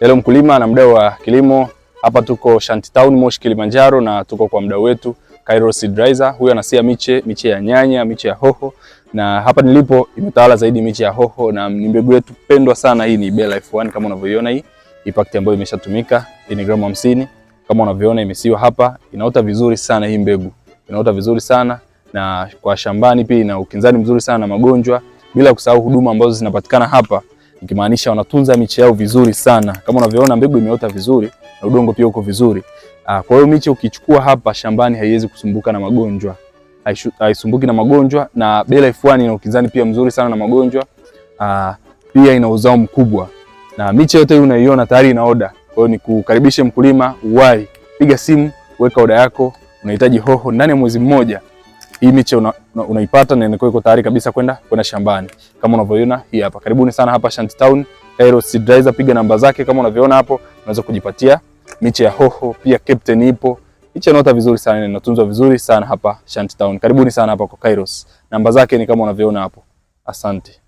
Hello mkulima na mdau wa kilimo, hapa tuko Shantytown Moshi Kilimanjaro, na tuko kwa mdau wetu Khairo Seedrizer. Huyu anasia miche miche ya nyanya, miche ya hoho, na hapa nilipo imetawala zaidi miche ya hoho, na ni mbegu yetu pendwa sana. Hii ni Bella F1 kama unavyoiona, hii ipakti ambayo imeshatumika, ni gramu 50 kama unavyoona imesiwa hapa, inaota vizuri sana. Hii mbegu inaota vizuri sana na kwa shambani pia ina ukinzani mzuri sana na magonjwa, bila kusahau huduma ambazo zinapatikana hapa ikimaanisha wanatunza miche yao vizuri sana. Kama unavyoona mbegu imeota vizuri na udongo pia uko vizuri. Ah, kwa hiyo miche ukichukua hapa shambani haiwezi kusumbuka na magonjwa, haisumbuki na magonjwa, na bela F1 ina ukinzani pia mzuri sana na magonjwa. Aa, ah, pia ina uzao mkubwa na miche yote hii unaiona tayari ina oda. Kwa hiyo nikukaribishe mkulima, uwai piga simu, weka oda yako. Unahitaji hoho ndani ya mwezi mmoja. Hii miche una, una, unaipata na inakuwa iko tayari kabisa kwenda kwenda shambani kama unavyoiona hii hapa. Karibuni sana hapa Shantytown Seed Seedrizer, piga namba zake kama unavyoona hapo, unaweza kujipatia miche ya hoho, pia Captain ipo. Miche inaota vizuri sana, inatunzwa vizuri sana hapa Shantytown. Karibuni sana hapa kwa Kairos. Namba zake ni kama unavyoona hapo. Asante.